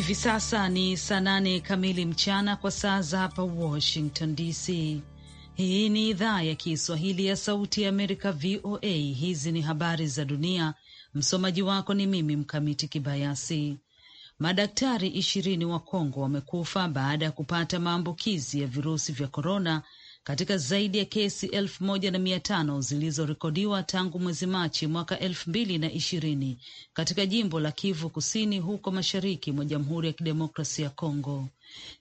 Hivi sasa ni saa nane kamili mchana kwa saa za hapa Washington DC. Hii ni idhaa ya Kiswahili ya Sauti ya Amerika, VOA. Hizi ni habari za dunia. Msomaji wako ni mimi Mkamiti Kibayasi. Madaktari ishirini wa Kongo wamekufa baada ya kupata maambukizi ya virusi vya korona katika zaidi ya kesi elfu moja na mia tano zilizorekodiwa tangu mwezi Machi mwaka elfu mbili na ishirini katika jimbo la Kivu Kusini, huko mashariki mwa Jamhuri ya Kidemokrasia ya Kongo.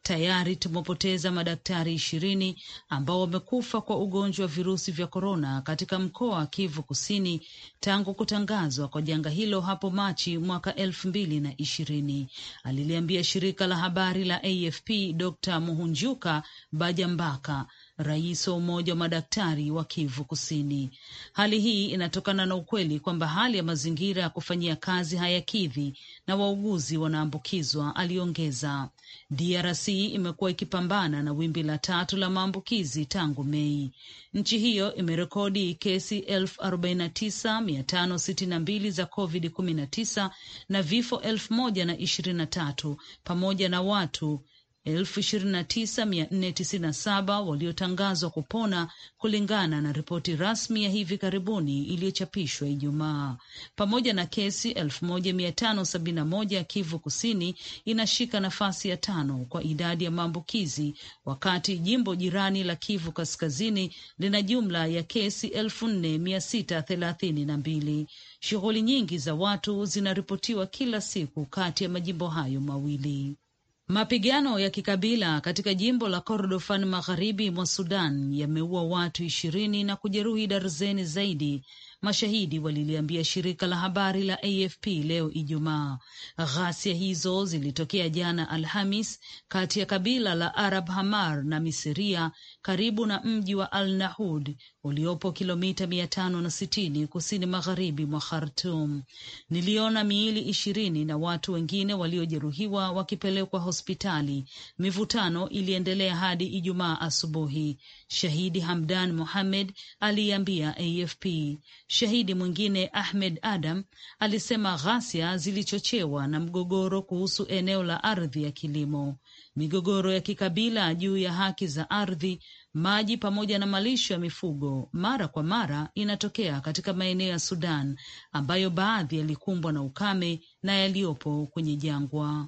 Tayari tumepoteza madaktari ishirini ambao wamekufa kwa ugonjwa wa virusi vya korona katika mkoa wa Kivu Kusini tangu kutangazwa kwa janga hilo hapo Machi mwaka elfu mbili na ishirini, aliliambia shirika la habari la AFP Dr Muhunjuka Bajambaka rais wa umoja wa madaktari wa Kivu Kusini. Hali hii inatokana na ukweli kwamba hali ya mazingira ya kufanyia kazi hayakidhi na wauguzi wanaambukizwa, aliongeza. DRC imekuwa ikipambana na wimbi la tatu la maambukizi tangu Mei. Nchi hiyo imerekodi kesi 49562 za COVID-19 na vifo 1023 pamoja na watu 29497 waliotangazwa kupona kulingana na ripoti rasmi ya hivi karibuni iliyochapishwa Ijumaa, pamoja na kesi 1571. Kivu Kusini inashika nafasi ya tano kwa idadi ya maambukizi, wakati jimbo jirani la Kivu Kaskazini lina jumla ya kesi 4632. Shughuli nyingi za watu zinaripotiwa kila siku kati ya majimbo hayo mawili. Mapigano ya kikabila katika jimbo la Kordofan magharibi mwa Sudan yameua watu ishirini na kujeruhi darzeni zaidi mashahidi waliliambia shirika la habari la AFP leo Ijumaa. Ghasia hizo zilitokea jana Alhamis kati ya kabila la Arab Hamar na Misiria karibu na mji wa Al Nahud uliopo kilomita mia tano na sitini kusini magharibi mwa Khartum. Niliona miili ishirini na watu wengine waliojeruhiwa wakipelekwa hospitali. Mivutano iliendelea hadi Ijumaa asubuhi, shahidi Hamdan Mohamed aliambia AFP. Shahidi mwingine Ahmed Adam alisema ghasia zilichochewa na mgogoro kuhusu eneo la ardhi ya kilimo, migogoro ya kikabila juu ya haki za ardhi, maji pamoja na malisho ya mifugo. Mara kwa mara inatokea katika maeneo ya Sudan ambayo baadhi yalikumbwa na ukame na yaliyopo kwenye jangwa.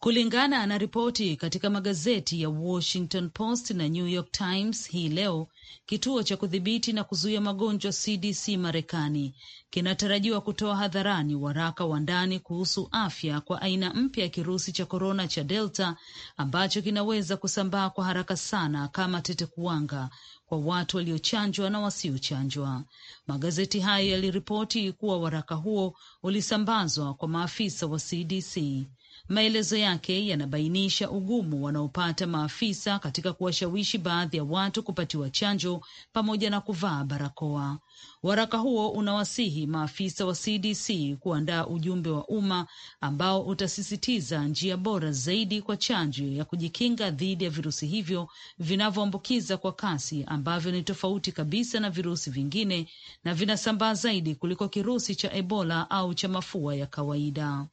kulingana na ripoti katika magazeti ya Washington Post na New York Times hii leo. Kituo cha kudhibiti na kuzuia magonjwa CDC Marekani kinatarajiwa kutoa hadharani waraka wa ndani kuhusu afya kwa aina mpya ya kirusi cha korona cha Delta ambacho kinaweza kusambaa kwa haraka sana kama tetekuwanga kwa watu waliochanjwa na wasiochanjwa. Magazeti hayo yaliripoti kuwa waraka huo ulisambazwa kwa maafisa wa CDC. Maelezo yake yanabainisha ugumu wanaopata maafisa katika kuwashawishi baadhi ya watu kupatiwa chanjo pamoja na kuvaa barakoa. Waraka huo unawasihi maafisa wa CDC kuandaa ujumbe wa umma ambao utasisitiza njia bora zaidi kwa chanjo ya kujikinga dhidi ya virusi hivyo vinavyoambukiza kwa kasi ambavyo ni tofauti kabisa na virusi vingine na vinasambaa zaidi kuliko kirusi cha Ebola au cha mafua ya kawaida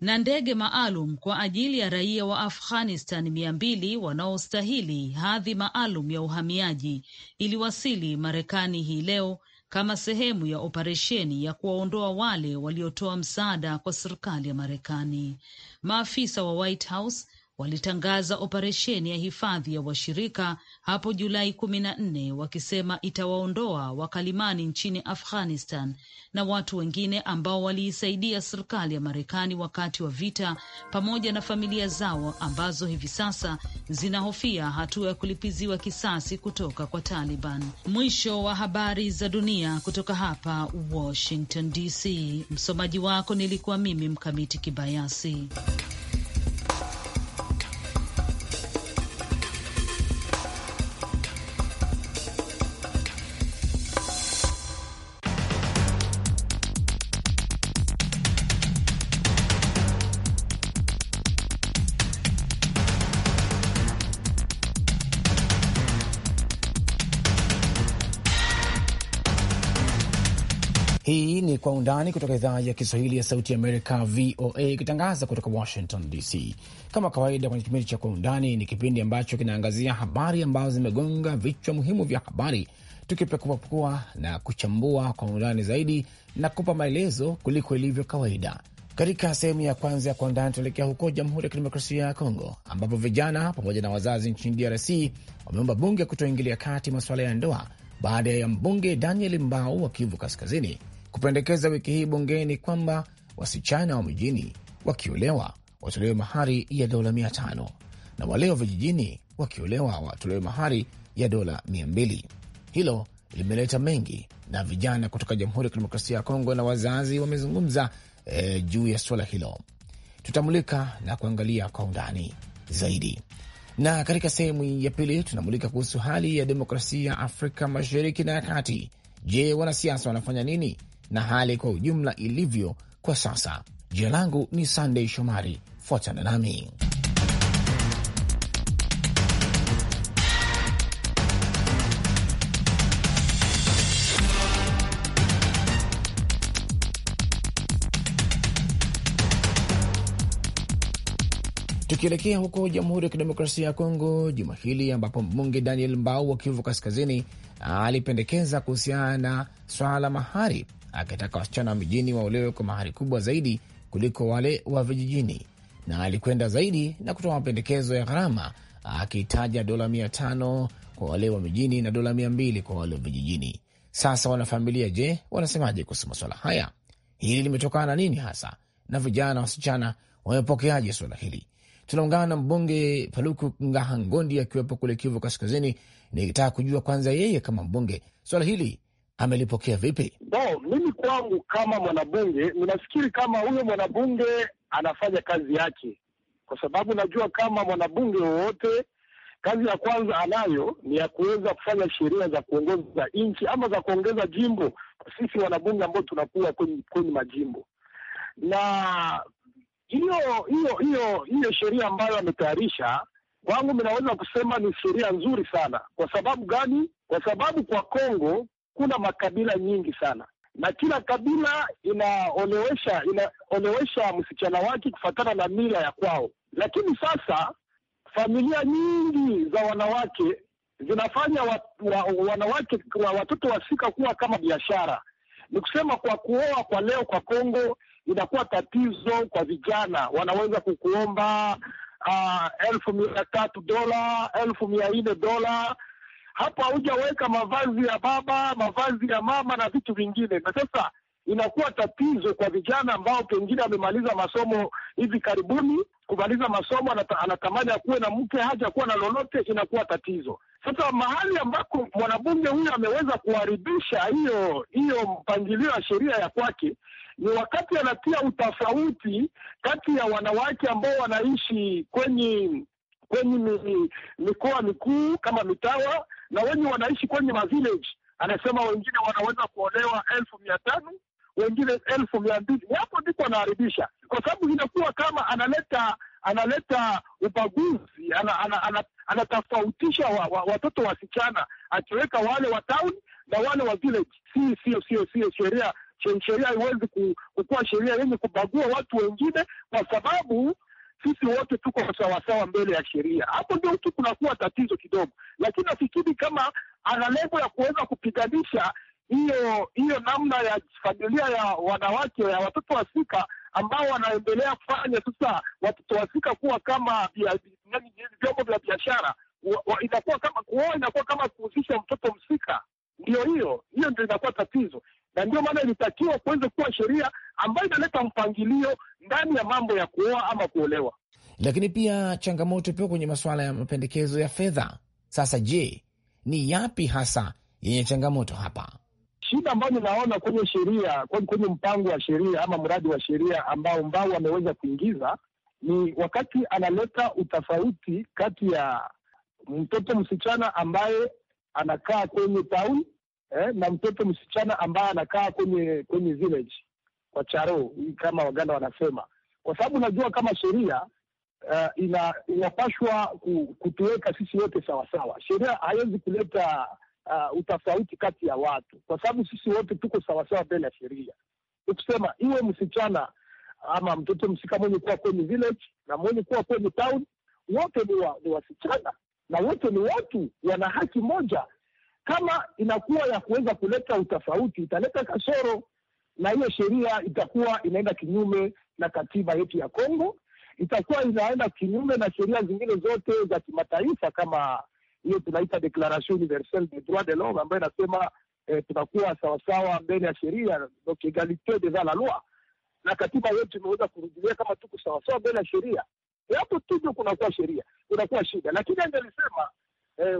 na ndege maalum kwa ajili ya raia wa Afghanistan mia mbili wanaostahili hadhi maalum ya uhamiaji iliwasili Marekani hii leo kama sehemu ya operesheni ya kuwaondoa wale waliotoa msaada kwa serikali ya Marekani. Maafisa wa White House walitangaza operesheni ya hifadhi ya washirika hapo Julai kumi na nne wakisema itawaondoa wakalimani nchini Afghanistan na watu wengine ambao waliisaidia serikali ya Marekani wakati wa vita pamoja na familia zao ambazo hivi sasa zinahofia hatua ya kulipiziwa kisasi kutoka kwa Taliban. Mwisho wa habari za dunia kutoka hapa Washington DC. Msomaji wako nilikuwa mimi Mkamiti Kibayasi. Kwa Undani kutoka idhaa ya Kiswahili ya Sauti ya Amerika, VOA, ikitangaza kutoka Washington DC. Kama kawaida, kwenye kipindi cha Kwa Undani ni kipindi ambacho kinaangazia habari ambazo zimegonga vichwa muhimu vya habari, tukipekuapekua na kuchambua kwa undani zaidi na kupa maelezo kuliko ilivyo kawaida. Katika sehemu ya kwanza ya Kwa Undani tuelekea huko Jamhuri ya Kidemokrasia ya Kongo, ambapo vijana pamoja na wazazi nchini DRC wameomba bunge kutoingilia kati masuala ya ndoa baada ya mbunge Daniel Mbao wa Kivu Kaskazini kupendekeza wiki hii bungeni kwamba wasichana wa mijini wakiolewa watolewe mahari ya dola mia tano na wale wa vijijini wakiolewa watolewe mahari ya dola mia mbili. Hilo limeleta mengi, na vijana kutoka Jamhuri ya Kidemokrasia ya Kongo na wazazi wamezungumza e, juu ya suala hilo. Tutamulika na kuangalia kwa undani zaidi, na katika sehemu ya pili tunamulika kuhusu hali ya demokrasia Afrika Mashariki na ya Kati. Je, wanasiasa wanafanya nini na hali kwa ujumla ilivyo kwa sasa. Jina langu ni sandey Shomari, fuatana nami tukielekea huko Jamhuri ya Kidemokrasia ya Kongo juma hili, ambapo mbunge Daniel Mbau wa Kivu Kaskazini alipendekeza kuhusiana na swala la mahari akitaka wasichana mijini waolewe kwa mahari kubwa zaidi kuliko wale wa vijijini, na alikwenda zaidi na kutoa mapendekezo ya gharama, akitaja dola mia tano kwa wale wa mijini na dola mia mbili kwa wale wa vijijini. Sasa wanafamilia, je, wanasemaje kuhusu masuala haya? Hili limetokana na nini hasa, na vijana wasichana wamepokeaje suala hili? Tunaungana na mbunge Paluku Ngahangondi akiwepo kule Kivu Kaskazini, nikitaka kujua kwanza yeye kama mbunge swala hili amelipokea vipi? No, mimi kwangu kama mwanabunge ninafikiri kama huyo mwanabunge anafanya kazi yake, kwa sababu najua kama mwanabunge wowote kazi ya kwanza anayo ni ya kuweza kufanya sheria za kuongoza nchi ama za kuongeza jimbo, sisi wanabunge ambao tunakuwa kwenye majimbo. Na hiyo hiyo hiyo hiyo sheria ambayo ametayarisha, kwangu minaweza kusema ni sheria nzuri sana. Kwa sababu gani? Kwa sababu kwa Kongo kuna makabila nyingi sana na kila kabila inaolewesha inaolewesha msichana wake kufuatana na mila ya kwao. Lakini sasa familia nyingi za wanawake zinafanya wa, wa, wanawake wa, watoto wasika kuwa kama biashara. Ni kusema kwa kuoa kwa leo kwa Kongo inakuwa tatizo kwa vijana, wanaweza kukuomba uh, elfu mia tatu dola elfu mia nne dola hapo haujaweka mavazi ya baba, mavazi ya mama na vitu vingine, na sasa inakuwa tatizo kwa vijana ambao pengine amemaliza masomo hivi karibuni. Kumaliza masomo anata, anatamani akuwe na mke, haja kuwa na lolote, inakuwa tatizo. Sasa mahali ambako mwanabunge huyo ameweza kuharibisha hiyo hiyo mpangilio wa sheria ya kwake ni wakati anatia utofauti kati ya wanawake ambao wanaishi kwenye kwenye mikoa mikuu kama mitawa na wenye wanaishi kwenye mavillage. Anasema wengine wanaweza kuolewa elfu mia tano wengine elfu mia mbili Hapo ndipo anaharibisha, kwa sababu inakuwa kama analeta analeta ubaguzi, anatofautisha ana, ana, ana wa, wa, watoto wasichana, akiweka wale wa town na wale wa village. Si sio sio sio sheria sheria haiwezi kukuwa sheria yenye kubagua watu wengine kwa sababu sisi wote tuko sawasawa mbele ya sheria. Hapo ndio tu kunakuwa tatizo kidogo, lakini nafikiri kama ana lengo ya kuweza kupiganisha hiyo hiyo namna ya familia ya wanawake ya watoto wa ambao wanaendelea kufanya sasa watoto wa sika kuwa kama vyombo vya biashara, inakuwa kama kuoa, inakuwa kama kuhusisha mtoto msika. Ndio hiyo hiyo ndio inakuwa tatizo na ndio maana ilitakiwa kuweze kuwa sheria ambayo inaleta mpangilio ndani ya mambo ya kuoa ama kuolewa. Lakini pia changamoto pia kwenye masuala ya mapendekezo ya fedha. Sasa je, ni yapi hasa yenye changamoto hapa? Shida ambayo ninaona kwenye sheria, kwenye mpango wa sheria ama mradi wa sheria ambao mbao wameweza kuingiza ni wakati analeta utofauti kati ya mtoto msichana ambaye anakaa kwenye tauni eh, na mtoto msichana ambaye anakaa kwenye kwenye village kwa charo kama Waganda wanasema, kwa sababu najua kama sheria uh, ina inapashwa kutuweka sisi wote sawasawa. Sheria haiwezi kuleta uh, utofauti kati ya watu, kwa sababu sisi wote tuko sawasawa mbele ya sheria. Tukusema iwe msichana ama mtoto msika mwenye kuwa kwenye village na mwenye kuwa kwenye town, wote ni, wa, ni wasichana na wote ni watu, wana haki moja kama inakuwa ya kuweza kuleta utofauti, italeta kasoro, na hiyo sheria itakuwa inaenda kinyume na katiba yetu ya Kongo, itakuwa inaenda kinyume na sheria zingine zote za kimataifa, kama hiyo tunaita Declaration Universelle des Droits de l'Homme ambayo inasema eh, tunakuwa sawasawa mbele ya sheria, donc egalite devant la loi, na katiba yetu imeweza kurudilia kama tuko sawasawa mbele ya sheria. Hapo tu ndio kunakuwa sheria, kunakuwa shida, lakini angelisema Eh,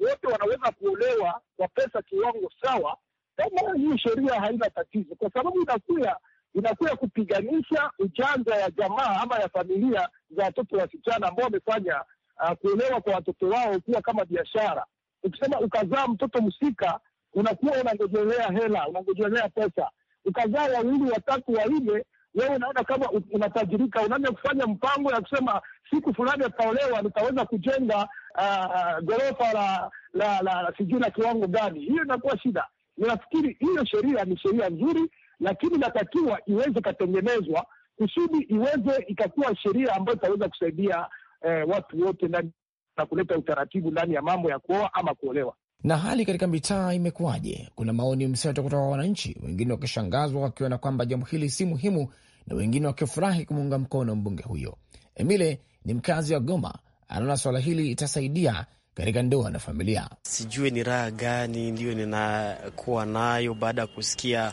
wote wa, wanaweza kuolewa kwa pesa kiwango sawa, kama hii sheria haina tatizo, kwa sababu inakuya inakuya kupiganisha ujanja ya jamaa ama ya familia za watoto wasichana ambao wamefanya uh, kuolewa kwa watoto wao kuwa kama biashara. Ukisema ukazaa mtoto msika, unakuwa unangojelea hela, unangojelea pesa. Ukazaa wawili, watatu, wanne, wewe unaona kama unatajirika, unaanza kufanya mpango ya kusema siku fulani ataolewa, nitaweza kujenga Ah, gorofa ghorofa la la, la, la sijui na kiwango gani, hiyo inakuwa shida. Ninafikiri hiyo sheria ni sheria nzuri, lakini inatakiwa iweze ikatengenezwa kusudi iweze ikakuwa sheria ambayo itaweza kusaidia eh, watu wote ndani na kuleta utaratibu ndani ya mambo ya kuoa ama kuolewa. Na hali katika mitaa imekuwaje? Kuna maoni mseto kutoka kwa wananchi, wengine wakishangazwa wakiona kwamba jambo hili si muhimu, na wengine wakifurahi kumuunga mkono mbunge huyo. Emile ni mkazi wa Goma anaona swala hili itasaidia katika ndoa na familia. Sijui ni raha gani ndiyo ninakuwa nayo baada ya kusikia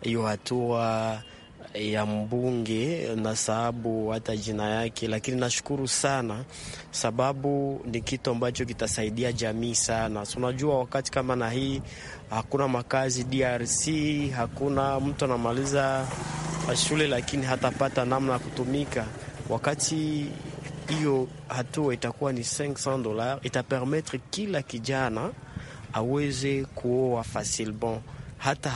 hiyo hatua ya mbunge na sababu hata jina yake, lakini nashukuru sana, sababu ni kitu ambacho kitasaidia jamii sana. Unajua, wakati kama na hii hakuna makazi DRC, hakuna mtu anamaliza shule lakini hatapata namna ya kutumika wakati hiyo hatua itakuwa ni 500 dola, itapermetre kila kijana aweze kuoa bon hata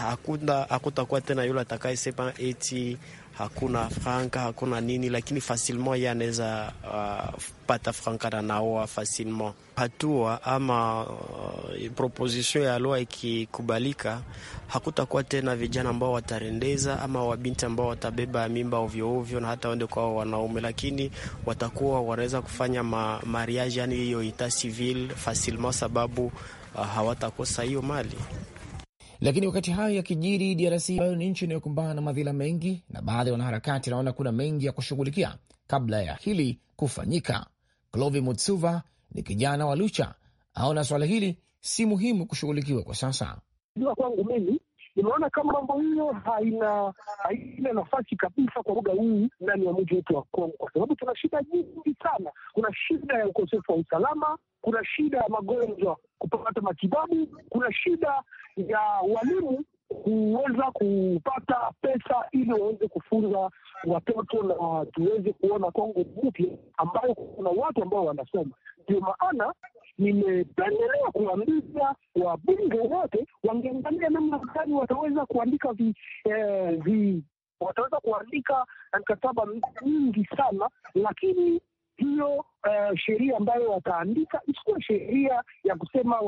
hakutakuwa tena yule atakayesepa eti hakuna franka hakuna nini, lakini fasilmo ye anaweza uh, pata franka na naoa fasilmo. Hatua ama uh, proposition ya loa ikikubalika, hakutakuwa tena vijana ambao watarendeza ama wabinti ambao watabeba mimba ovyoovyo na hata waende kwa wanaume, lakini watakuwa wanaweza kufanya ma, mariage yani hiyo ita civil fasilmo, sababu uh, hawatakosa hiyo mali. Lakini wakati hayo yakijiri, DRC ambayo ni nchi inayokumbana na madhila mengi, na baadhi ya wanaharakati wanaona kuna mengi ya kushughulikia kabla ya hili kufanyika. Clovi Mutsuva ni kijana wa Lucha, aona swala hili si muhimu kushughulikiwa kwa sasa. Jua kwangu mimi nimeona kama mambo hiyo haina haina nafasi kabisa kwa muda huu ndani ya mji wetu wa Kongo, kwa sababu tuna shida nyingi sana. Kuna shida ya ukosefu wa usalama, kuna shida ya magonjwa kupata matibabu, kuna shida ya walimu kuweza kupata pesa ili waweze kufunza watoto na tuweze kuona Kongo mpya ambayo kuna watu ambao wanasoma. Ndio maana nimependelewa kuambia wabunge wote wangeangalia namna gani wataweza kuandika vi, eh, vi wataweza kuandika mkataba mingi sana lakini hiyo uh, sheria ambayo wataandika isikuwa sheria ya kusema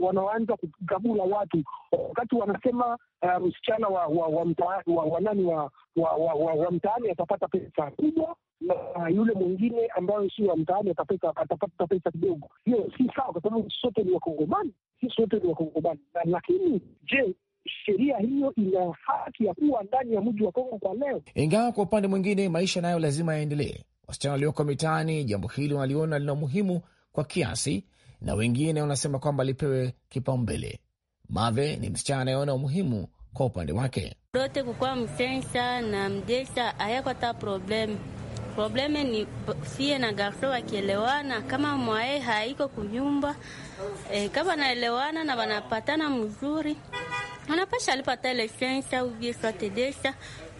wanaanza kugabula watu wakati wanasema uh, msichana wa wa wa, wa, wa, wa, wa, wa, wa, wa, wa mtaani atapata pesa kubwa na yule mwingine ambayo si wa mtaani atapata pesa kidogo. Hiyo si sawa, kwa sababu sote ni Wakongomani, si sote ni Wakongomani. Lakini je, sheria hiyo ina haki ya kuwa ndani ya mji wa Kongo kwa leo? Ingawa kwa upande mwingine maisha nayo lazima yaendelee. Wasichana walioko mitaani jambo hili wanaliona lina umuhimu kwa kiasi, na wengine wanasema kwamba lipewe kipaumbele. Mave ni msichana anayeona umuhimu kwa upande wake lote kukwa msensa na mdesa hayako hata problemu Probleme ni sie na garso wakielewana, kama mwae haiko kunyumba e, eh, kama wanaelewana na wanapatana mzuri, anapasha alipata ile sensa uvye swatedesha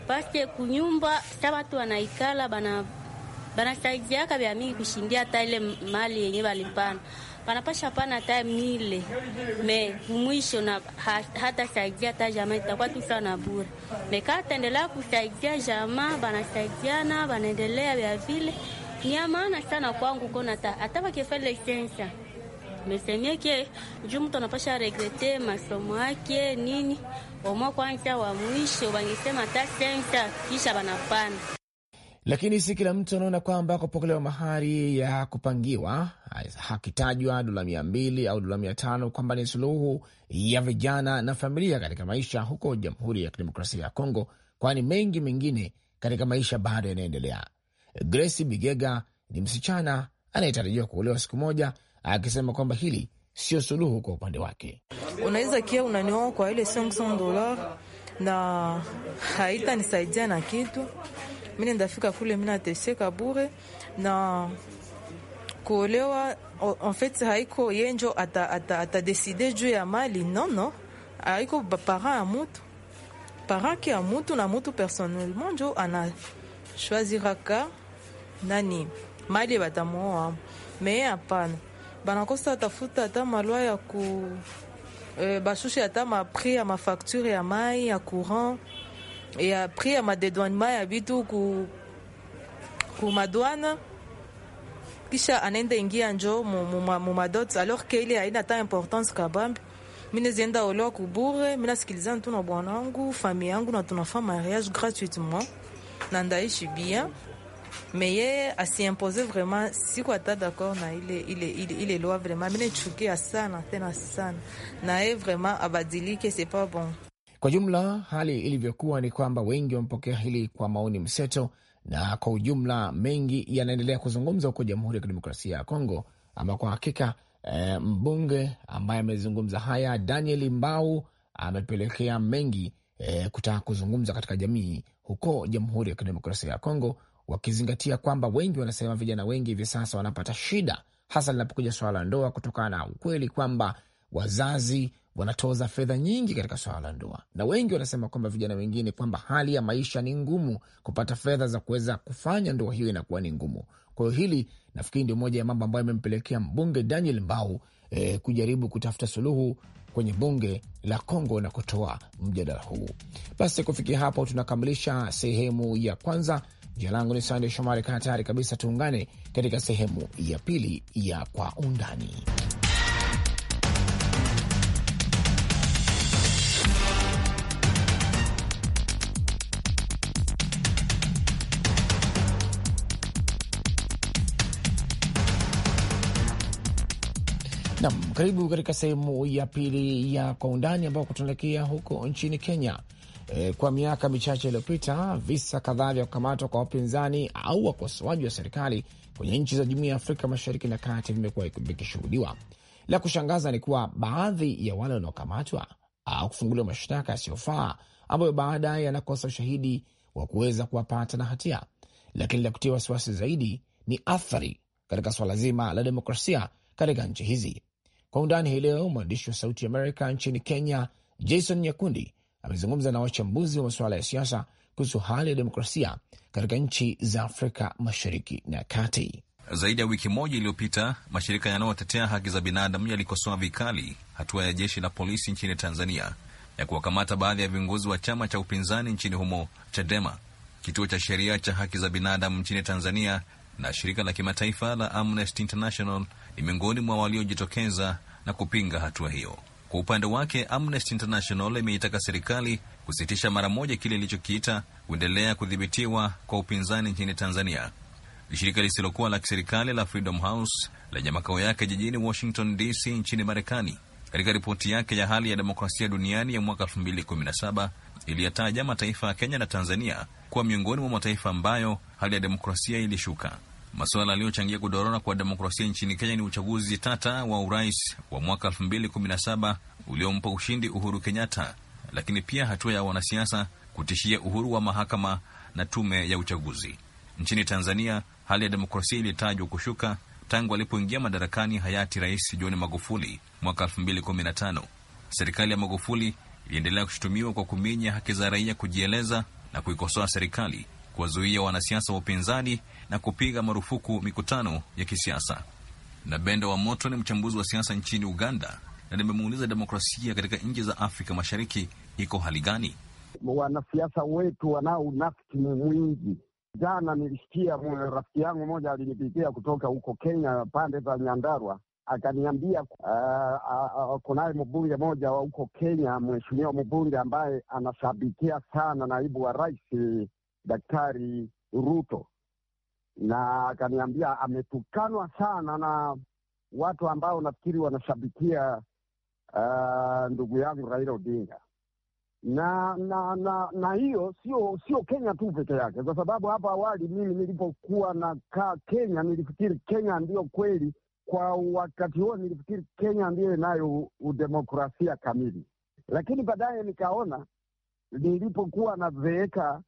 paske kunyumba sa watu wanaikala bana banasaidiaka vya mingi kushindia hata ile mali yenye walipana wanapasha pana hata mile me mwisho na hata saidia hata jamaa itakuwa tu sana bure. Mekaa ataendelea kusaidia jamaa, banasaidiana banaendelea vya vile, ni maana sana kwangu kona hata wakifale sensa mesemieke juu mtu anapasha regrete masomo yake nini, omwa kwanza wa mwisho wangesema hata sensa kisha banapana lakini si kila mtu anaona kwamba kupokelewa mahari ya kupangiwa hakitajwa dola mia mbili au dola mia tano kwamba ni suluhu ya vijana na familia katika maisha huko Jamhuri ya Kidemokrasia ya Kongo, kwani mengi mengine katika maisha bado yanaendelea. Grace Bigega ni msichana anayetarajiwa kuolewa siku moja, akisema kwamba hili sio suluhu kwa upande wake. Unaweza kia unanioa kwa ile dola na haitanisaidia na kitu mi la kule minateseka bure na kuolewa en fait haiko yenjo atadeside ata, ya mali parent na mutu personnellement nani mali batamwoa me hapana banakosa atafuta ata malwa ya ku eh, prix ata mapri facture ya Mali, ya courant et après, à ma dédouanement, ya vitu ku, ku madouane kisha anaenda ingia njo mumadot alors que ile une ta importance kabambi. Mi nezienda olewa kubure, mi nasikilizana tu na bwana wangu famille yangu na tunafa mariage gratuitement na ndaishi bien mais yeye asiimpose vraiment, quoi ta d'accord na ile, ile, ile, ile loi vraiment. Mi nechukia sana tena sana na vraiment abadilike, c'est pas bon. Kwa jumla hali ilivyokuwa ni kwamba wengi wamepokea hili kwa maoni mseto, na kwa ujumla mengi yanaendelea kuzungumza huko Jamhuri ya Kidemokrasia ya Kongo, ama kwa hakika e, mbunge ambaye amezungumza haya Daniel Mbau amepelekea mengi e, kutaka kuzungumza katika jamii huko Jamhuri ya Kidemokrasia ya Kongo, wakizingatia kwamba wengi wanasema vijana wengi hivi sasa wanapata shida hasa linapokuja swala la ndoa, kutokana na ukweli kwamba wazazi wanatoza fedha nyingi katika swala la ndoa, na wengi wanasema kwamba vijana wengine kwamba hali ya maisha ni ngumu, kupata fedha za kuweza kufanya ndoa hiyo inakuwa ni ngumu. Kwa hiyo hili nafikiri ndio moja ya mambo ambayo amempelekea mbunge Daniel Mbau eh, kujaribu kutafuta suluhu kwenye bunge la Kongo na kutoa mjadala huu. Basi kufikia hapo tunakamilisha sehemu ya kwanza. Jina langu ni Sande Shomari. Kaa tayari kabisa, tuungane katika sehemu ya pili ya Kwa Undani. Nam, karibu katika sehemu ya pili ya kwa undani ambao tunaelekea huko nchini Kenya. E, kwa miaka michache iliyopita visa kadhaa vya kukamatwa kwa wapinzani au wakosoaji wa serikali kwenye nchi za jumuiya ya Afrika Mashariki na Kati vimekuwa vikishuhudiwa. La kushangaza ni kuwa baadhi ya wale wanaokamatwa au kufunguliwa mashtaka yasiyofaa ambayo baadaye yanakosa ushahidi wa kuweza kuwapata na hatia. Lakini la kutia wasiwasi zaidi ni athari katika swala zima la demokrasia katika nchi hizi. Kwa undani hii leo, mwandishi wa Sauti Amerika nchini Kenya Jason Nyakundi amezungumza na wachambuzi wa masuala ya siasa kuhusu hali ya demokrasia katika nchi za Afrika Mashariki na Kati. Zaidi ya wiki moja iliyopita, mashirika yanayotetea haki za binadamu yalikosoa vikali hatua ya jeshi la polisi nchini Tanzania ya kuwakamata baadhi ya viongozi wa chama cha upinzani nchini humo Chadema. Kituo cha sheria cha haki za binadamu nchini Tanzania na shirika la kimataifa la Amnesty International ni miongoni mwa waliojitokeza na kupinga hatua hiyo. Kwa upande wake, Amnesty International imeitaka serikali kusitisha mara moja kile ilichokiita kuendelea kudhibitiwa kwa upinzani nchini Tanzania. Shirika lisilokuwa la kiserikali la Freedom House lenye makao yake jijini Washington DC nchini Marekani, katika ripoti yake ya hali ya demokrasia duniani ya mwaka 2017 iliyataja mataifa ya Kenya na Tanzania kuwa miongoni mwa mataifa ambayo hali ya demokrasia ilishuka. Masuala yaliyochangia kudorora kwa demokrasia nchini Kenya ni uchaguzi tata wa urais wa mwaka elfu uliompa ushindi Uhuru Kenyatta, lakini pia hatua ya wanasiasa kutishia uhuru wa mahakama na tume ya uchaguzi. Nchini Tanzania, hali ya demokrasia ilitajwa kushuka tangu alipoingia madarakani hayati Rais John Magufuli mwaka elfu Serikali ya Magufuli iliendelea kushutumiwa kwa kuminya haki za raia kujieleza na kuikosoa serikali kuwazuia wanasiasa wa upinzani na kupiga marufuku mikutano ya kisiasa. Na Benda wa Moto ni mchambuzi wa siasa nchini Uganda, na nimemuuliza demokrasia katika nchi za Afrika Mashariki iko hali gani? Wanasiasa wetu wanao unafiki mwingi. Jana nilisikia rafiki yangu mmoja alinipigia kutoka huko Kenya, pande za Nyandarua, akaniambia uh, ah, uh, ah, ah, kunaye mbunge moja wa huko Kenya, mheshimiwa mbunge ambaye anashabikia sana naibu wa rais Daktari Ruto na akaniambia ametukanwa sana na watu ambao nafikiri wanashabikia uh, ndugu yangu Raila Odinga na na na na hiyo sio sio Kenya tu peke yake, kwa sababu hapo awali mimi nilipokuwa nakaa Kenya nilifikiri Kenya ndiyo kweli, kwa wakati huo nilifikiri Kenya ndiyo inayo udemokrasia kamili, lakini baadaye nikaona nilipokuwa nazeeka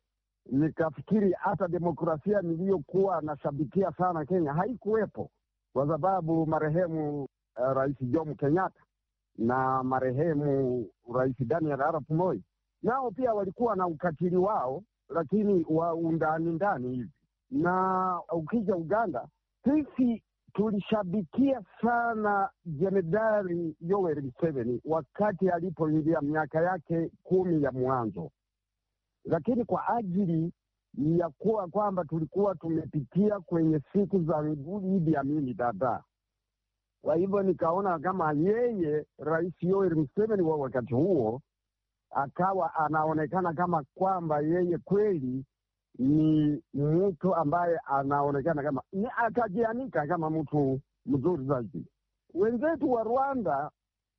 nikafikiri hata demokrasia niliyokuwa nashabikia sana Kenya haikuwepo kwa sababu marehemu uh, Rais Jomo Kenyatta na marehemu Rais Daniel Arap Moi nao pia walikuwa na ukatili wao, lakini wa undani ndani hivi. Na ukija Uganda, sisi tulishabikia sana Jemedari Yoweri Museveni wakati alipoingia miaka yake kumi ya mwanzo lakini kwa ajili ya kuwa kwamba tulikuwa tumepitia kwenye siku za hidi Idi Amini dada. Kwa hivyo nikaona kama yeye Rais Yoweri Museveni wa wakati huo akawa anaonekana kama kwamba yeye kweli ni mtu ambaye anaonekana kama ni akajianika kama mtu mzuri zaidi. Wenzetu wa Rwanda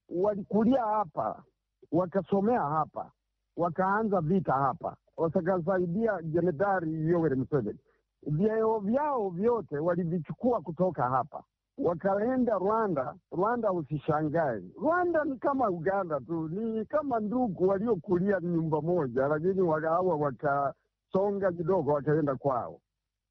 walikulia hapa wakasomea hapa, wakaanza vita hapa, wakasaidia jemedari Yoweri Museveni. Vyeo vyao vyote walivichukua kutoka hapa wakaenda Rwanda. Rwanda usishangae, Rwanda ni kama Uganda tu, ni kama ndugu waliokulia nyumba moja, lakini hawa wakasonga kidogo, wakaenda kwao.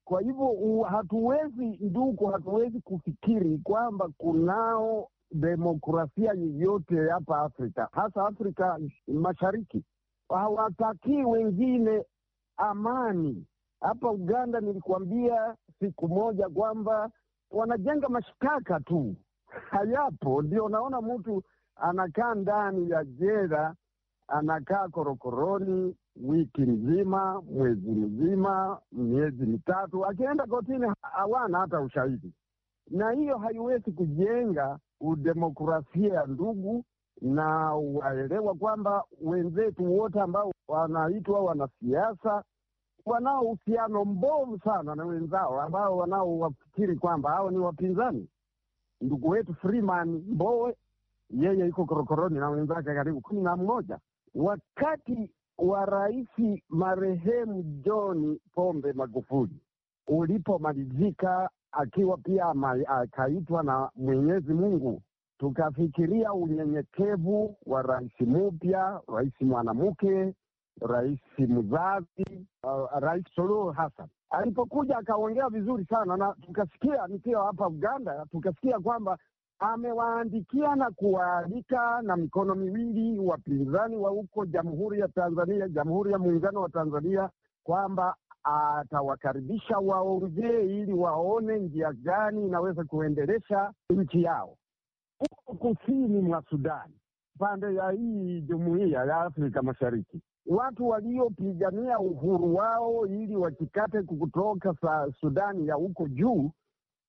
Kwa hivyo hatuwezi, ndugu, hatuwezi kufikiri kwamba kunao demokrasia yeyote hapa Afrika, hasa Afrika Mashariki hawatakii wengine amani. Hapa Uganda nilikuambia siku moja kwamba wanajenga mashtaka tu hayapo, ndio naona mtu anakaa ndani ya jela, anakaa korokoroni wiki mzima, mwezi mzima, miezi mitatu, akienda kotini hawana hata ushahidi, na hiyo haiwezi kujenga udemokrasia ya ndugu na waelewa kwamba wenzetu wote ambao wanaitwa wanasiasa wanao uhusiano mbovu sana na wenzao ambao wanaowafikiri kwamba hao ni wapinzani. Ndugu wetu Freeman Mbowe yeye iko korokoroni na wenzake karibu kumi na mmoja wakati wa rais marehemu John Pombe Magufuli ulipomalizika, akiwa pia akaitwa na Mwenyezi Mungu tukafikiria unyenyekevu wa rais mpya, rais mwanamke, rais mzazi, uh, rais Suluhu Hassan alipokuja akaongea vizuri sana, na tukasikia nikiwa hapa Uganda, tukasikia kwamba amewaandikia na kuwaalika na mikono miwili wapinzani wa huko Jamhuri ya Tanzania, Jamhuri ya Muungano wa Tanzania, kwamba atawakaribisha waongee ili waone njia gani inaweza kuendelesha nchi yao huko kusini mwa Sudani, pande ya hii jumuiya ya Afrika Mashariki, watu waliopigania uhuru wao ili wakikate kutoka sa Sudani ya huko juu,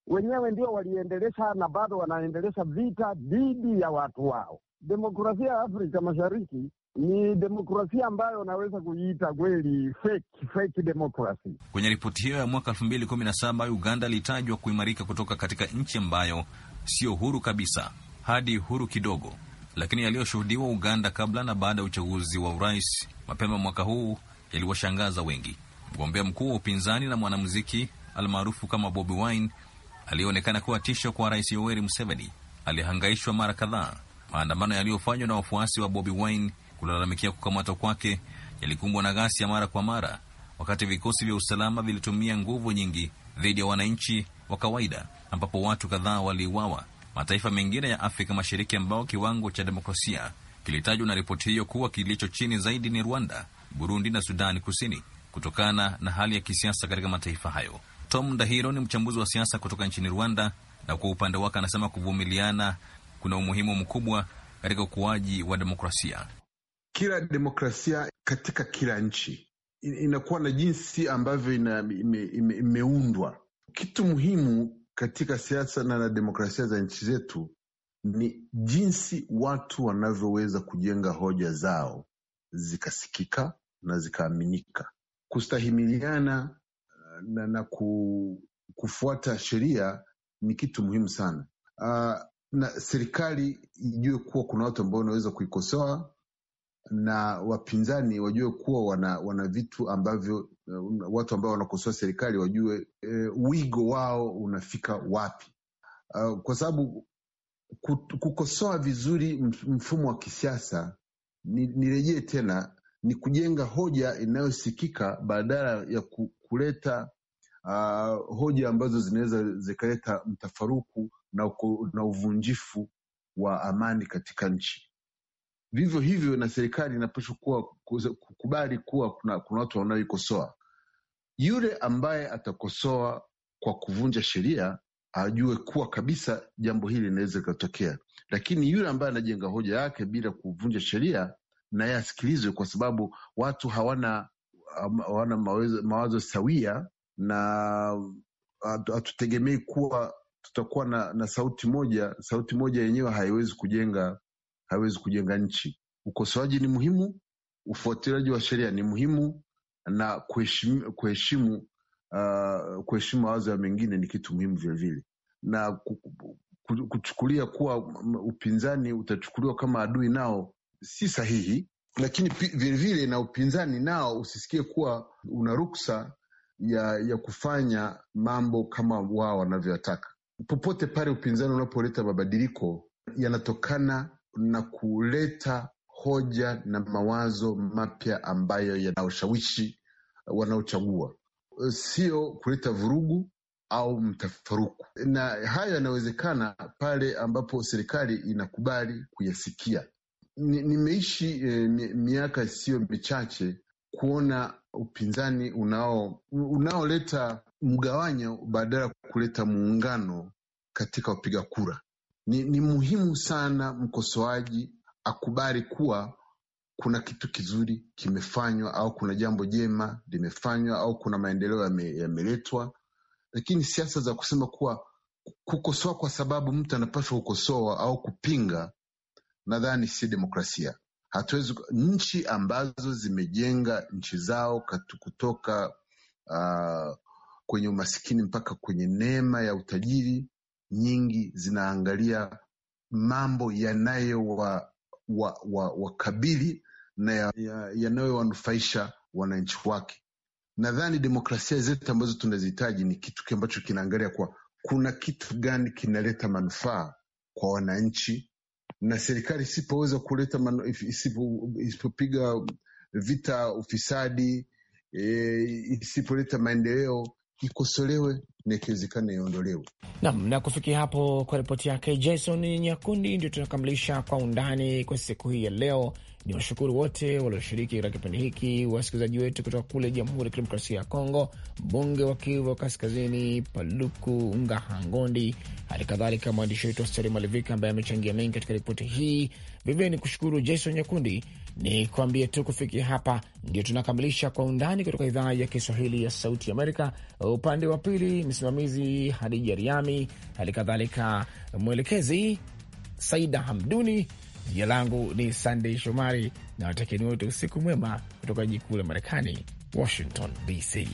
wenyewe ndio waliendelesha na bado wanaendelesha vita dhidi ya watu wao. Demokrasia ya Afrika Mashariki ni demokrasia ambayo wanaweza kuiita kweli fake, fake democracy. Kwenye ripoti hiyo ya mwaka elfu mbili kumi na saba Uganda ilitajwa kuimarika kutoka katika nchi ambayo sio huru kabisa hadi huru kidogo, lakini yaliyoshuhudiwa Uganda kabla na baada ya uchaguzi wa urais mapema mwaka huu yaliwashangaza wengi. Mgombea mkuu wa upinzani na mwanamuziki almaarufu kama Bobi Wine aliyeonekana kuwa tisho kwa Rais Yoweri Museveni alihangaishwa mara kadhaa. Maandamano yaliyofanywa na wafuasi wa Bobi Wine kulalamikia kukamatwa kwake yalikumbwa na ghasia mara kwa mara, wakati vikosi vya usalama vilitumia nguvu nyingi dhidi ya wananchi wa kawaida, ambapo watu kadhaa waliuawa. Mataifa mengine ya Afrika Mashariki ambao kiwango cha demokrasia kilitajwa na ripoti hiyo kuwa kilicho chini zaidi ni Rwanda, Burundi na Sudani Kusini, kutokana na hali ya kisiasa katika mataifa hayo. Tom Dahiro ni mchambuzi wa siasa kutoka nchini Rwanda, na kwa upande wake anasema kuvumiliana kuna umuhimu mkubwa katika ukuaji wa demokrasia. Kila demokrasia katika kila nchi inakuwa na jinsi ambavyo imeundwa ime, ime, kitu muhimu katika siasa na, na demokrasia za nchi zetu ni jinsi watu wanavyoweza kujenga hoja zao zikasikika na zikaaminika, kustahimiliana uh, na, na ku, kufuata sheria ni kitu muhimu sana. Uh, na serikali ijue kuwa kuna watu ambao wanaweza kuikosoa na wapinzani wajue kuwa wana, wana vitu ambavyo eh, watu ambao wanakosoa serikali wajue e, wigo wao unafika wapi, uh, kwa sababu kukosoa vizuri mfumo wa kisiasa nirejee tena, ni kujenga hoja inayosikika badala ya kuleta uh, hoja ambazo zinaweza zikaleta mtafaruku na, na uvunjifu wa amani katika nchi. Vivyo hivyo na serikali inapaswa kuwa kukubali kuwa kuna, kuna watu wanaoikosoa. Yule ambaye atakosoa kwa kuvunja sheria ajue kuwa kabisa jambo hili linaweza likatokea, lakini yule ambaye anajenga hoja yake bila kuvunja sheria naye asikilizwe, kwa sababu watu hawana hawana mawazo, mawazo sawia na hatutegemei kuwa tutakuwa na, na sauti moja. Sauti moja yenyewe haiwezi kujenga hawezi kujenga nchi. Ukosoaji ni muhimu, ufuatiliaji wa sheria ni muhimu, na kuheshimu kuheshimu uh, kuheshimu mawazo ya mengine ni kitu muhimu vilevile, na kuchukulia kuwa upinzani utachukuliwa kama adui nao si sahihi, lakini vilevile na upinzani nao usisikie kuwa una ruksa ya, ya kufanya mambo kama wao wanavyotaka. Popote pale upinzani unapoleta mabadiliko yanatokana na kuleta hoja na mawazo mapya ambayo yanawashawishi wanaochagua, sio kuleta vurugu au mtafaruku. Na hayo yanawezekana pale ambapo serikali inakubali kuyasikia. Nimeishi e, miaka isiyo michache kuona upinzani unao unaoleta mgawanyo badala ya kuleta muungano katika wapiga kura ni, ni muhimu sana mkosoaji akubali kuwa kuna kitu kizuri kimefanywa au kuna jambo jema limefanywa au kuna maendeleo yameletwa me, ya lakini siasa za kusema kuwa kukosoa kwa sababu mtu anapaswa kukosoa au kupinga, nadhani si demokrasia. Hatuwezi nchi ambazo zimejenga nchi zao kutoka uh, kwenye umasikini mpaka kwenye neema ya utajiri nyingi zinaangalia mambo yanayowakabili wa, wa, wa na yanayowanufaisha ya wananchi wake. Nadhani demokrasia zetu ambazo tunazihitaji ni kitu ambacho kinaangalia kuwa kuna kitu gani kinaleta manufaa kwa wananchi, na serikali isipoweza kuleta isipopiga vita ufisadi, e, isipoleta maendeleo ikosolewe na ikiwezekana iondolewe. Nam, na kufikia hapo kwa ripoti yake Jason Nyakundi, ndio tunakamilisha kwa undani kwa siku hii ya leo ni washukuru wote walioshiriki katika kipindi hiki, wasikilizaji wetu kutoka kule Jamhuri ya Kidemokrasia ya Kongo, mbunge wa Kivu Kaskazini Paluku Ngahangondi, hali kadhalika mwandishi wetu Asteri Malivika ambaye amechangia mengi katika ripoti hii. Vivyo ni kushukuru Jason Nyakundi. Ni kuambie tu kufikia hapa ndio tunakamilisha Kwa Undani kutoka idhaa ya Kiswahili ya Sauti Amerika. Upande wa pili msimamizi Hadija Riami, hali kadhalika mwelekezi Saida Hamduni. Jina langu ni Sandey Shomari na watakieni wote usiku mwema kutoka jikuu la Marekani, Washington DC.